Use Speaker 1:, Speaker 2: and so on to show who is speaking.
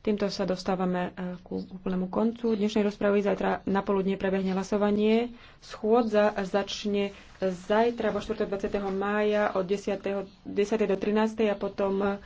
Speaker 1: Týmto sa dostávame e, ku úplnému koncu dnešnej rozpravy. Zajtra na poludne prebehne hlasovanie. Schôdza začne zajtra vo 4. 20. mája od 10. 10. do 13. a potom